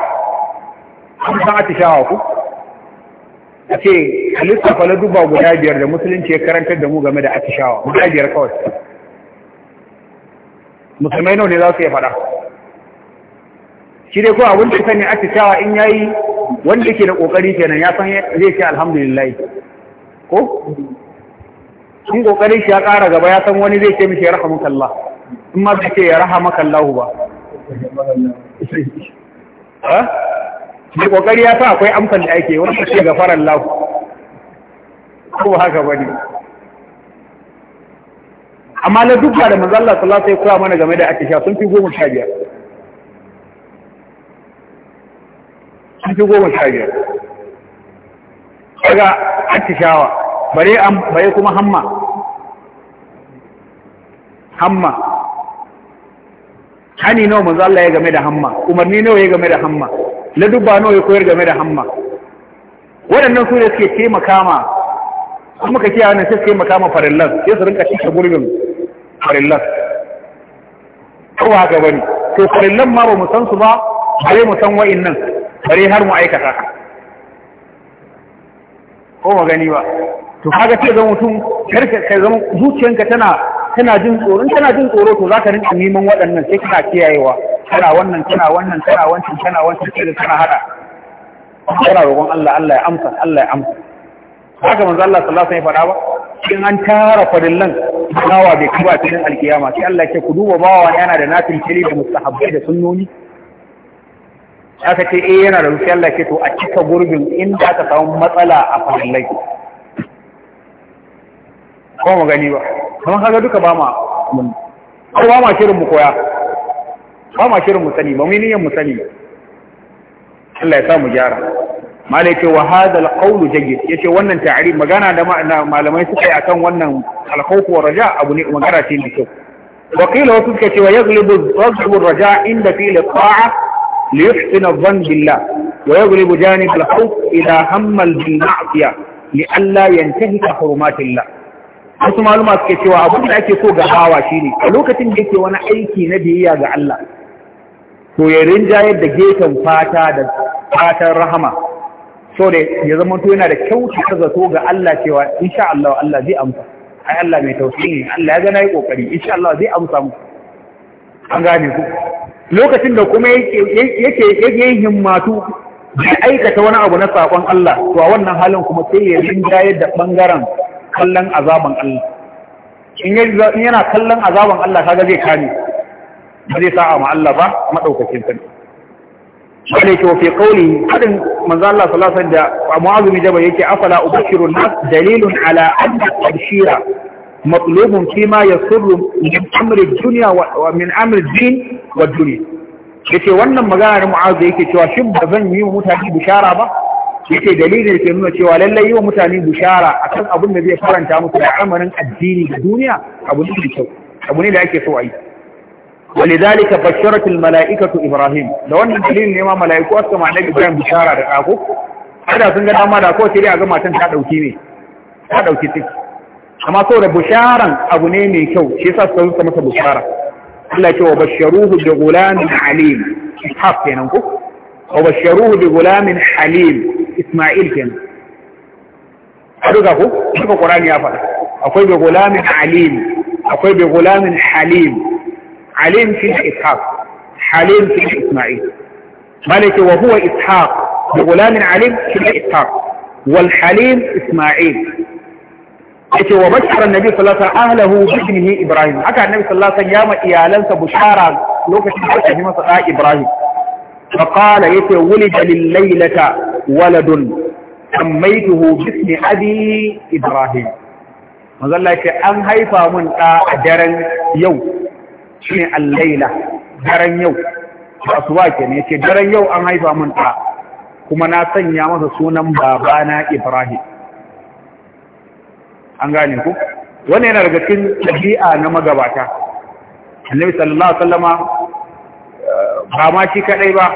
an san atishawa ku a ce halitta fa duba guda biyar da musulunci ya karantar da mu game da atishawa guda biyar kawai musulmai nawa ne za su iya faɗa shi dai ko abin da sani atishawa in yayi wanda ke da kokari kenan ya san zai ce alhamdulillah ko in kokarin shi ya ƙara gaba ya san wani zai ce mishi ya makalla, in ma zai ce ya raha rahamakallahu ba *laughs* mai kokari ya sa akwai amfan da ake kashe ga farar lahu ko haka bane amma na duk da manzo Allah sallallahu alaihi wasallam mana game da atisha sun fi goma sha biyar sun fi goma sha biyar daga atishawa bare an bare kuma hamma hamma hani nawa manzo Allah ya game da hamma umarni nawa ya game da hamma na dubba nawa ya koyar game da hamma waɗannan su ne suke taimaka ma kuma muka kiyaye wannan sai suke ma farillan sai su rinka cike gurbin farillan ko ba haka bane to farillan ma ba mu san su ba bare mu san wa'annan bare har mu aikata ko gani ba to kaga ce zama mutum karka kai zaman zuciyanka tana tana jin tsoro in tana jin tsoro to zaka rinka neman waɗannan sai kana kiyayewa kana wannan kana wannan kana wancan kana wancan sai kana hada kana roƙon Allah Allah ya amsa Allah ya amsa haka manzo Allah sallallahu alaihi wasallam ya faɗa ba in an tara farillan bawa bai kuma cikin alkiyama sai Allah ya ku duba bawa yana da nafil kiri da mustahabbai da sunnoni aka ce eh yana da rufi Allah ya to a cika gurbin inda aka samu matsala a farillai ba mu gani ba kuma haka duka ba mu, ko ba ma shirin mu koya ba ma shirin mu sani ba mu yi niyyar mu sani Allah ya sa mu gyara malai ce wa hadha alqawlu jayyid yace wannan ta'rif magana da malamai suka yi akan wannan alkhawf wa raja abu ne magana ce mai kyau wa qila wa suka ce wa yaghlibu yaghlibu raja inda fi al-ta'a li yuhsina dhann billah wa yaghlibu janib al-khawf idha hamma al-ma'siya li alla yantahika hurumatillah wasu maluma suke cewa abin da ake so ga shi shine a lokacin da yake wani aiki na biyayya ga Allah to ya rinjayar da gefen fata da fatan rahama so da ya zama to yana da kyauci ta zato ga Allah cewa insha Allah Allah zai amsa ai Allah mai tausayi ne Allah ya ga nayi kokari insha Allah zai amsa mu an gane ku lokacin da kuma yake yake yin himmatu da aikata wani abu na sakon Allah to a wannan halin kuma sai ya rinjayar da bangaren kallon azaban Allah in yana kallon azaban Allah ta zai kame ba zai sa'a ma Allah ba madaukakin sarki shine ke wafe ƙauni haɗin Manzala Allah sallallahu alaihi wasallam da Mu'adh bin Jabal yake afala ubashiru nas dalilun ala anna tabshira kima ya yasurru min amri duniya, wa min amri din wa dunya yace wannan magana da Mu'adh yake cewa shin ba zan yi mutane bishara ba yace dalilin da ke nuna cewa lallai yi wa mutane bushara akan abin da zai faranta musu da amarin addini da duniya abu ne da kyau abu ne da ake so a yi ولذلك بشرت الملائكة إبراهيم لو أن الدليل نما ملائكة أسمع نبي إبراهيم بشارة دقاكو هذا سنجد أما دقاكو سيري أقام تنسى دوكيني هذا وكتك أما صورة بشارة أبو نيمي كو شيسا سوزت مسا بشارة إلا كو بشروه بغلام عليم إسحاق ينكو وبشروه بغلام حليم Ismail kenan a duka ku duka Qur'ani ya faɗa akwai bi gulamin alim akwai bi gulamin halim alim shi ne Ishaq halim shi ne Ismail malaka wa huwa Ishaq bi gulamin alim shi Ishaq wal halim Ismail yake wa bashara nabi sallallahu alaihi wasallam ahlahu bi ibnihi ibrahim haka nabi sallallahu alaihi wasallam ya ma iyalansa bushara lokacin da ya masa da ibrahim فقال يتي ولد لليلة ولد سميته باسم أبي إبراهيم manzon Allah ce an haifa mun ɗa a daren yau shine al-laila daren yau asuba kenan yace daren yau an haifa mun ɗa kuma na sanya masa sunan babana Ibrahim an gane ku wannan yana daga cikin ɗabi'a na magabata Annabi sallallahu alaihi wasallama ba ma shi kadai ba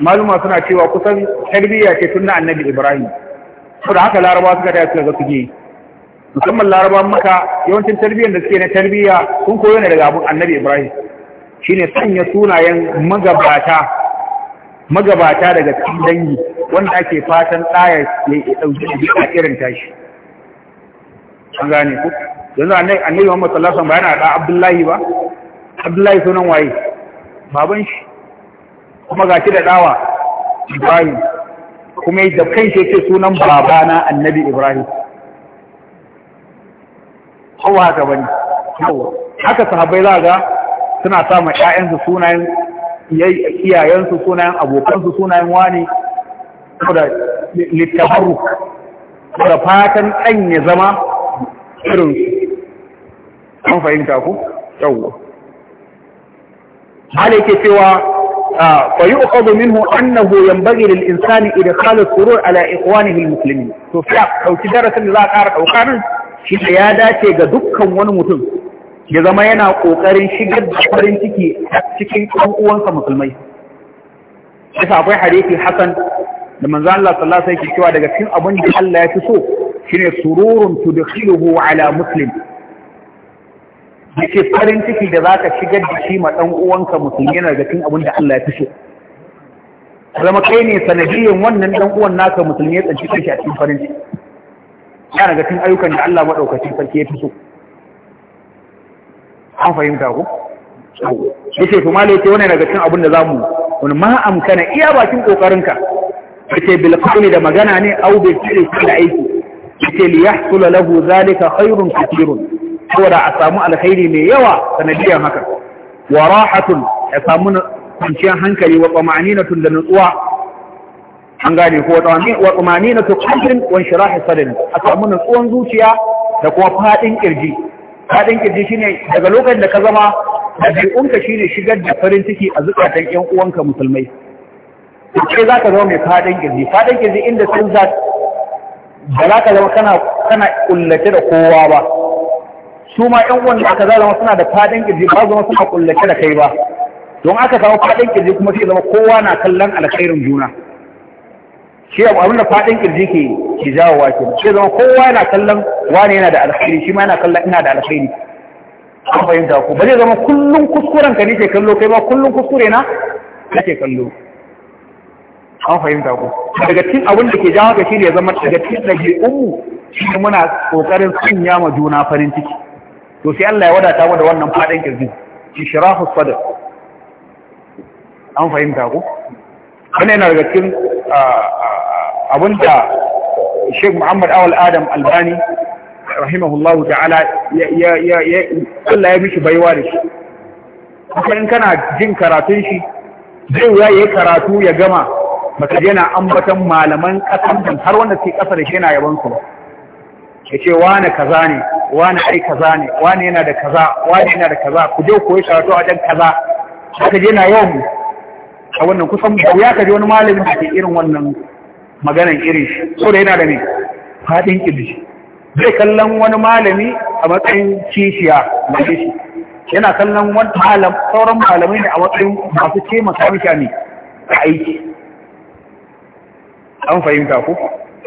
maluma suna cewa kusan tarbiyya ce tun na annabi ibrahim saboda haka laraba suka taya suka ga suke yi musamman laraba maka yawancin tarbiyyar da suke na tarbiyya sun koyo ne daga abun annabi ibrahim shine sanya sunayen magabata magabata daga cikin dangi wanda ake fatan ɗaya ya da bi'a irin tashi an gane ku yanzu annabi muhammad sallallahu alaihi wasallam yana da abdullahi ba abdullahi sunan waye baban shi kuma shi da dawa Ibrahim kuma da shi yake sunan babana annabi Ibrahim hau haka bane haka sahabbai za ga suna sama ƴaƴansu sunayen iyayensu sunayen abokansu sunayen wani da littabaruk da fatan ɗan ya zama irinsu an fahimta ku yawon hali yake cewa ah, fa yu'khadhu minhu annahu yanbaghi lil insani idkhal as-surur ala ikhwanihi al-muslimin to fa dauki darasin da za a ƙara ɗauka nan shi ya dace ga dukkan wani mutum ya zama yana kokarin shigar da farin ciki cikin ɗan uwansa musulmai yasa akwai hadisi hasan da manzo Allah sallallahu alaihi wasallam yake cewa daga cikin abin da Allah ya fi so shine sururun tudkhiluhu ala muslim ke farin ciki da za ka shigar da shi ma dan uwanka musulmi yana daga cin abin da Allah ya fi so zama kai ne sanadiyyar wannan dan uwan naka musulmi ya tsanci kanshi a cikin farin ciki yana daga cin ayyukan da Allah maɗaukacin sarki ya fi so an fahimta ku yace to malai ce wani daga cin abin da zamu wani ma amkana iya bakin ƙoƙarinka. Ya ce, qawli da magana ne au bai fi da aiki ce, liya sula lahu zalika khairun kafirun. saboda a samu alkhairi mai yawa sanadiyar haka wa rahatun ya samu kwanciyar hankali wa tsamanina da nutsuwa an gane ko wa tsamanina tun kajin wa shirahi sadin a samu nutsuwan zuciya da kuma fadin kirji fadin kirji shine daga lokacin da ka zama ɗabi'unka shine shigar da farin ciki a zukatan ƴan uwanka musulmai sai za ka zama mai fadin kirji fadin kirji inda sun za da za ka zama kana kullace da kowa ba su ma 'yan uwan da aka zama suna da fadin ƙirji ba zama suna kullace da kai ba don aka samu fadin ƙirji kuma sai zama kowa na kallon alkhairin juna shi abu abin da fadin ƙirji ke ke jawo wa ke sai zama kowa yana kallon wani yana da alkhairi shi ma yana kallon ina da alkhairi an fahimta ku ba zai zama kullum kuskuren ka ke kallo kai ba kullum kuskure na nake kallo an fahimta ku daga cikin abin da ke jawo ka shi ne zama daga cikin umu shi muna ƙoƙarin sanya ma juna farin ciki to sai Allah ya wadata mu da wannan fadin kirji ishrahu sadr an fahimta ku? wannan yana daga cikin abinda Sheikh Muhammad Awal Adam Albani rahimahullahu ta'ala ya ya ya Allah ya mishi baiwa da shi kuma kana jin karatun shi zai ya yi karatu ya gama baka yana ambaton malaman kasan har wanda suke kasa da shi yana yaban su ya ce na kaza ne wani ai kaza ne wani yana da kaza wani yana da kaza ku je ku yi karatu a dan kaza haka je na yawan a wannan kusan mu. ya ka je wani malami da ke irin wannan maganan irin shi so da yana da ne fadin kirji zai kallon wani malami a matsayin kishiya da shi yana kallon wani malam sauran malamai ne a matsayin masu ce masu amsha ne a aiki an fahimta ku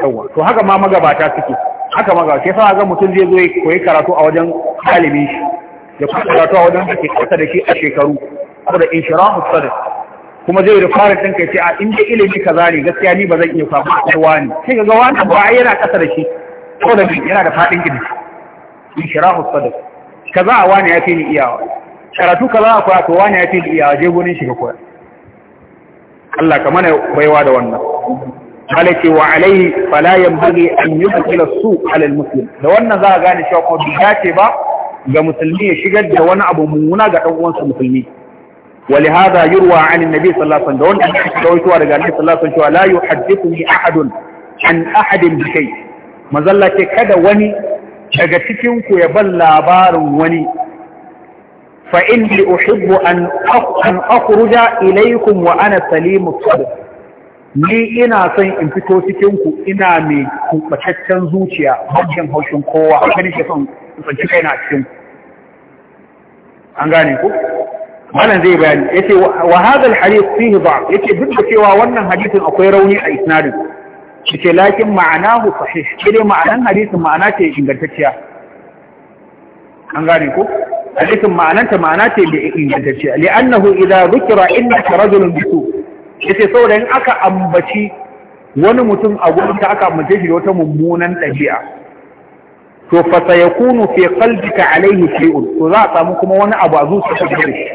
yawa to haka ma magabata suke haka maga shi sa ga mutum zai zo koyi karatu a wajen ɗalibin shi ya kuma karatu a wajen ake kasa da shi a shekaru saboda inshirahu sadr kuma zai da fara ɗinka ce a inda ilimi kaza ne gaskiya ni ba zan iya samu a karwa sai ga wani ba yana kasa da shi saboda yana da faɗin gidi inshirahu sadr kaza a wani ya fi ni iyawa karatu kaza a koya to wani ya fi ni iyawa je gurin shi ka koya Allah ka mana baiwa da wannan malaki wa alaihi fala yanbaghi an yudkhila su ala almuslim da wannan za ka gane cewa ko biya ce ba ga musulmi ya shigar da wani abu mummuna ga dan uwansa musulmi ولهذا يروى عن النبي صلى الله عليه وسلم دون أن يحدثوا رجال النبي صلى الله عليه وسلم لا يحدثني أحد عن أحد بشيء مظلة كذا وني شغتكم يبل لابار وني فإني أحب أن أخرج إليكم وأنا سليم الصدر ni ina son in fito cikinku ina mai kubataccen zuciya hajjin haushin kowa a nake son tsanci kai na cikin an gane ku wannan zai bayani ce wa hadal hadith fihi ya ce duk da cewa wannan hadisin akwai rauni a isnadin ce lakin ma'anahu sahih ne ma'anan hadithin ma'ana ce ingantacciya an gane ku hadithin ma'ananta ma'ana ce ingantacciya li'annahu idza dhukira innaka rajulun bisu yace saboda in aka ambaci wani mutum a gurin da aka ambace shi da wata mummunan ɗabi'a to fa sayakunu fi qalbika alayhi shay'un to za a samu kuma wani abu a zuciyarka da shi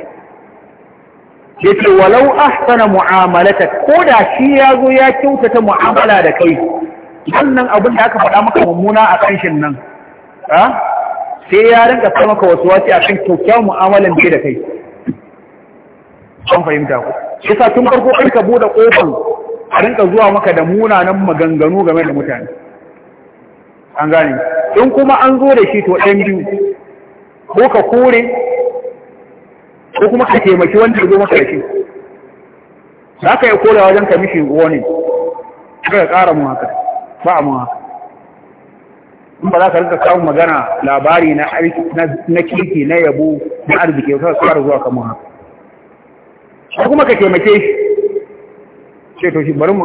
yace walau ahsana mu'amalatak ko da shi ya zo ya kyautata mu'amala da kai wannan abin da aka faɗa maka mummuna a kanshin nan sai ya rinka sa maka wasu wasi a kan kyakkyawan mu'amalan da kai an fahimta ku yasa tun farko kar ka bude kofar a rinka zuwa maka da munanan maganganu game da mutane an gane in kuma an zo da shi to ɗan biyu ko ka kore ko kuma ka taimaki wanda ya zo maka da shi za ka yi korewa wajen ka mishi wani ka ƙara mu haka ba mu haka in ba za ka rinka samun magana labari na kirki na yabo na arziki ka ƙara zuwa kamar haka shi kuma ka taimake shi ce to shi bari mu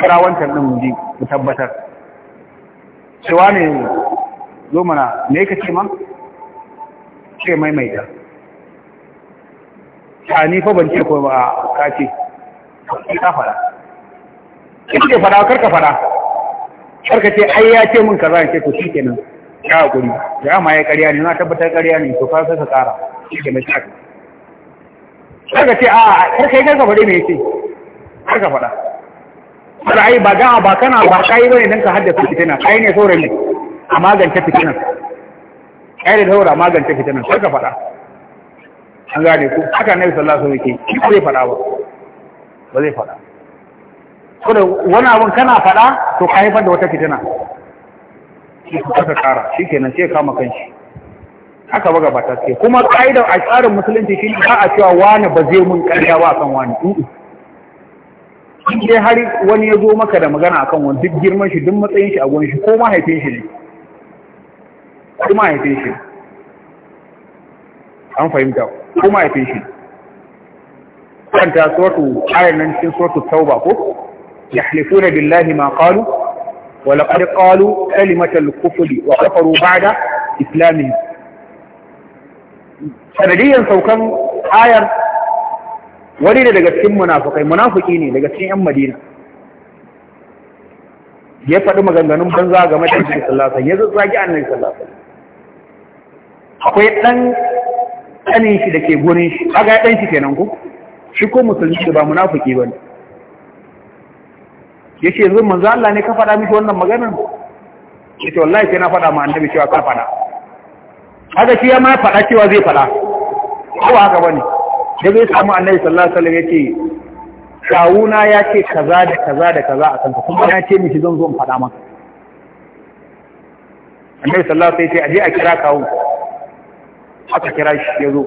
kira wancan ɗin mu ji mu tabbatar cewa ne zo mana me ka ce ma ce maimaita ta ni fa ban ce ko ba ka ce ka fara ce fara karka fara ka ce ai ya ce min kaza ce to kenan ya hakuri ya ma ya ƙarya ne na tabbatar ƙarya ne to ka saka ƙara shikenan shi daga ce a karkai karka faɗi mai ce karka faɗa ai ba ga'a ba kana ba kayi bane don ka haddasa fitina kai ne saurayi ne a magance fitinan kai ne saura a magance fitinan karka faɗa an gane ku haka na yi sallasa wake yake ki zai faɗa ba ba zai faɗa ko da wani abin kana faɗa to ka haifar da wata fitina shi ka kara shi kenan sai kama kanshi aka baga ba ta ce kuma ka'idar a tsarin musulunci shi ba a cewa wani ba zai mun karya ba kan wani in dai har wani ya zo maka da magana a kan wani duk girman shi duk matsayin shi a gwan shi ko mahaifin shi ne ko mahaifin shi an fahimta ko mahaifin shi kanta suratu ayar nan cikin suratu tauba ko yahlifuna billahi ma qalu wa laqad qalu kalimatal kufri wa kafaru ba'da islamihim sanadiyyar saukan ayar wani ne daga cikin munafukai munafuki ne daga cikin 'yan madina ya faɗi maganganun banza game da annabi sallallahu ya zazzagi an sallallahu alaihi akwai ɗan ɗanin shi da ke gurin shi kaga ɗan shi kenan ku, shi ko musulmi ba munafuki ne. Ya ce yanzu manzo Allah ne ka faɗa miki wannan maganar yace wallahi sai na faɗa ma annabi cewa ka faɗa haka shi ya ma faɗa cewa zai faɗa ko haka bane da zai samu annabi sallallahu alaihi wasallam yace kawuna ya ce kaza da kaza da kaza a kanta kuma ya ce mishi zan zo in faɗa maka annabi sallallahu alaihi wasallam ya ce aje a kira kawu aka kira shi ya zo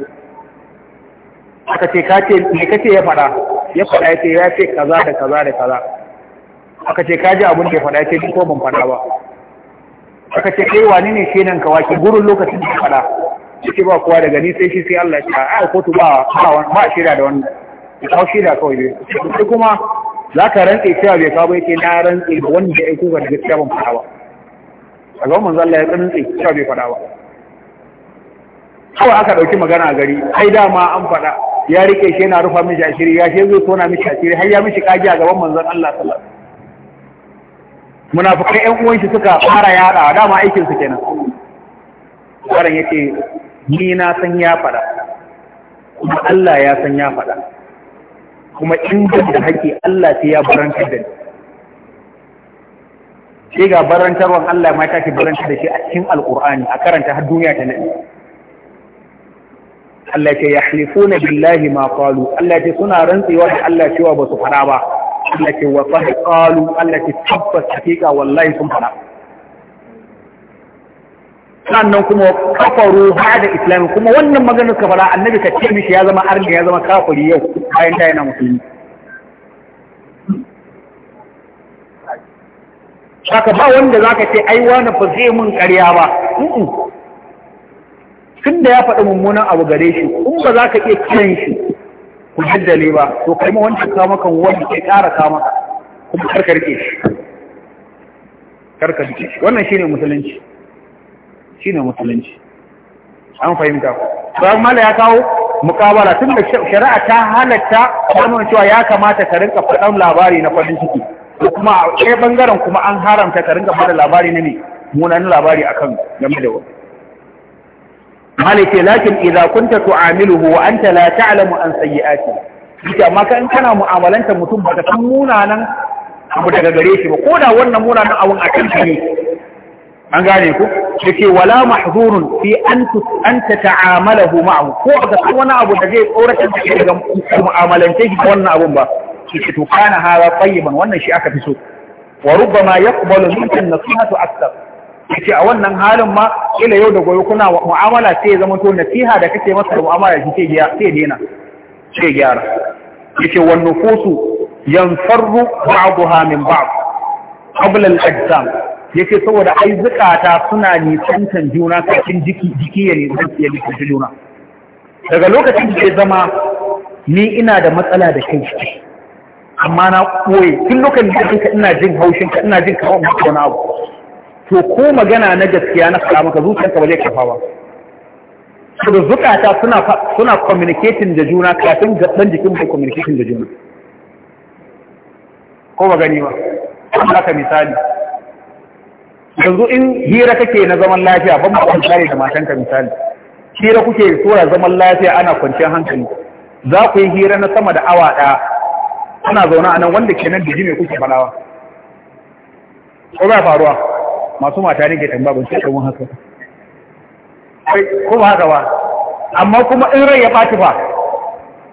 aka ce ka ce me kace ya faɗa ya faɗa ya ce ya ce kaza da kaza da kaza aka ce ka ji abin da ya faɗa ya ce ko ban faɗa ba aka ce kai wani ne ke nan kawaki gurin lokacin da faɗa yake ba kuwa daga ni shi sai Allah ya a kotu ba ba shida da wannan ya kawo shida kawai ne sai kuma za ka rantse cewa bai kawo bai ke na rantse da wanda ya aiko ga gaskiya ban faɗa ba a ga manzo Allah ya rantse cewa bai faɗa ba kawai aka dauki magana gari ai dama an fada ya rike shi yana rufa mishi ashiri ya shi zai tona mishi ashiri har ya mishi kaji a gaban manzon Allah sallallahu munafukai ƴan uwan shi suka fara yada dama aikin su kenan karan yace ni na san ya fada kuma Allah ya san ya fada kuma in da haƙi Allah sai ya baranta da ni sai ga barantarwan Allah ma ta ke barantar da shi a cikin alqur'ani a karanta har duniya ta nan Allah ya ce na billahi ma qalu Allah ya ce suna rantsewa da Allah cewa ba su fara ba Allah ke wa fa Allah ke tabbas hakika wallahi sun fara sannan kuma kafaru da islam kuma wannan maganar ka fara annabi ka ce mishi ya zama arni ya zama kafiri yau bayan ta yana musulmi saka ba wanda za ka ce ai wani ba zai mun ƙarya ba tun da ya faɗi mummunan abu gare shi kuma ba za ka iya kiran shi ku jaddale ba to kai ma wancan kamakan wani ke ƙara ka. kuma karka rike shi karka shi wannan shine musulunci shine musulunci an fahimta ku sai mala ya kawo mukabala tun da shari'a ta halatta kamar cewa ya kamata ka rinka faɗan labari na farin ciki ko kuma a ɗaya bangaren kuma an haramta ka rinka faɗa labari ne, ne munanan labari akan game da wani malike lakin idza kunta tu'amiluhu wa anta la ta'lamu an sayyi'ati ita amma kan kana mu'amalanta mutum baka san munanan abu daga gare shi ba koda wannan munanan abun a kan ne an gane ku yake wala mahzurun fi an an tata'amalahu ma'ahu ko ga wani abu da zai tsoratar da daga mu'amalance shi wannan abun ba shi to kana hara tayyiban wannan shi aka fi so wa rubbama yaqbalu minka an-nasihatu akthar yace a wannan halin ma kila yau da gobe kuna mu'amala sai ya zama to nasiha da kake masa mu'amala shi sai ya sai dena sai gyara yace wan nufusu yanfarru ba'daha min ba'd qabla al-ajsam yace saboda ai zukata suna nisantan juna kafin jiki jiki ya ne ya nisantan juna daga lokacin da ya zama ni ina da matsala da kai amma na koye tun lokacin da ina jin haushin ka ina jin kawo maka wani abu to ko magana na gaskiya na faɗa maka zuciyarka ba zai kafa ba da zukata suna communicating da juna kafin gaban jikin bai communicating da juna ko ba gani ba haka misali yanzu in hira kake na zaman lafiya ban ba kare da matanka misali hira kuke tsora zaman lafiya ana kwanciyar hankali za ku yi hira na sama da awa ɗaya ana zaune a nan wanda kenan da ji mai kuke falawa ko ba faruwa masu mata ne ke tamba ban ce ɗan haka kuma haka ba amma kuma in rai ya ɓaci ba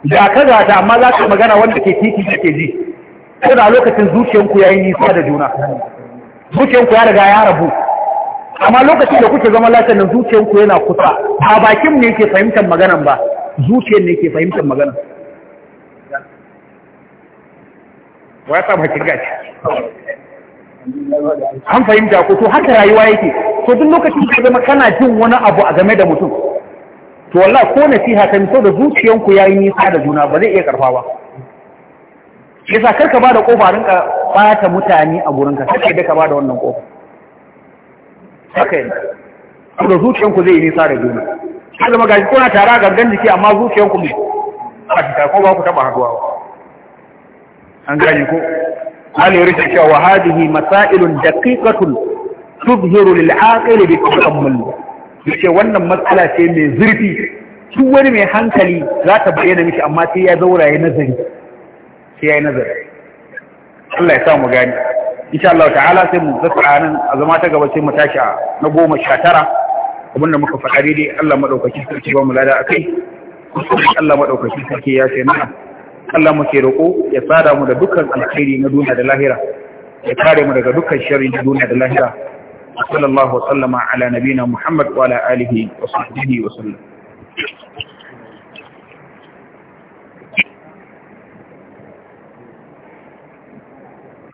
da ka gata amma za ka magana wanda ke titi da ke ji ko da lokacin zuciyanku ya yi nisa da juna zuciyanku ya riga ya rabu amma lokacin da kuke zama lafiyar nan zuciyanku yana kusa a bakin ne ke fahimtar maganan ba zuciyar ne ke fahimtar maganan wa ya gaci an fahimta ko to haka rayuwa yake to duk lokacin da zama kana jin wani abu a game da mutum to wallahi ko na nasiha kan so da zuciyanku yayi nisa da juna ba zai iya karfa ba yasa karka ba da kofa rinka bata mutane a ka, sai da ka ba da wannan kofa haka yana da zuciyanku zai yi nisa da juna har zama gashi kuna tara a gangan jiki amma zuciyanku ne a ta, ko ba ku taba haduwa an gani ko hali yake cewa wa hadhihi masailun daqiqatun tubhiru lil aqil bi ta'ammul yace wannan matsala ce mai zurfi duk wani mai hankali za ta bayyana miki amma sai ya zaura ya nazari sai ya nazari Allah ya sa mu gani insha Allah ta'ala sai mu zata nan a zama ta gaba sai mu tashi na goma sha tara abinda muka faɗa daidai Allah madaukaki sarki ba mu lada akai Allah madaukaki sarki ya ce mana Allah muke roƙo ya tsada mu da dukkan alkhairi na duniya da lahira ya kare mu daga dukkan sharri na duniya da lahira sallallahu sallama ala nabina muhammad wa ala alihi wa sahbihi wa sallam